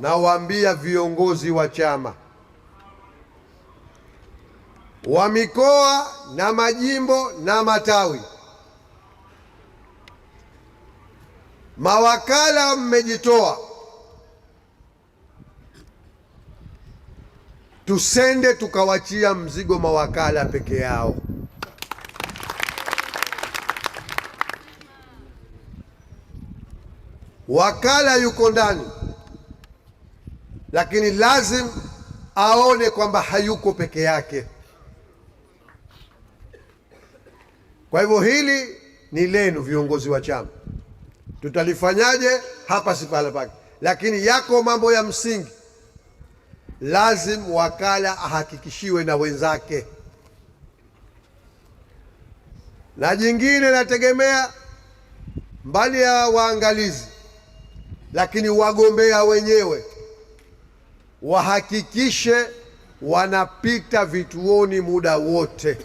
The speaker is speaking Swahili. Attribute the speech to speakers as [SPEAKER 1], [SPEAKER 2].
[SPEAKER 1] nawaambia viongozi wa chama wa mikoa na majimbo na matawi, mawakala mmejitoa, tusende tukawachia mzigo mawakala peke yao. Wakala yuko ndani lakini lazim aone kwamba hayuko peke yake. Kwa hivyo hili ni lenu viongozi wa chama, tutalifanyaje? Hapa si pahala pake, lakini yako mambo ya msingi lazim wakala ahakikishiwe na wenzake, na jingine nategemea mbali ya waangalizi, lakini wagombea wenyewe wahakikishe wanapita vituoni muda wote.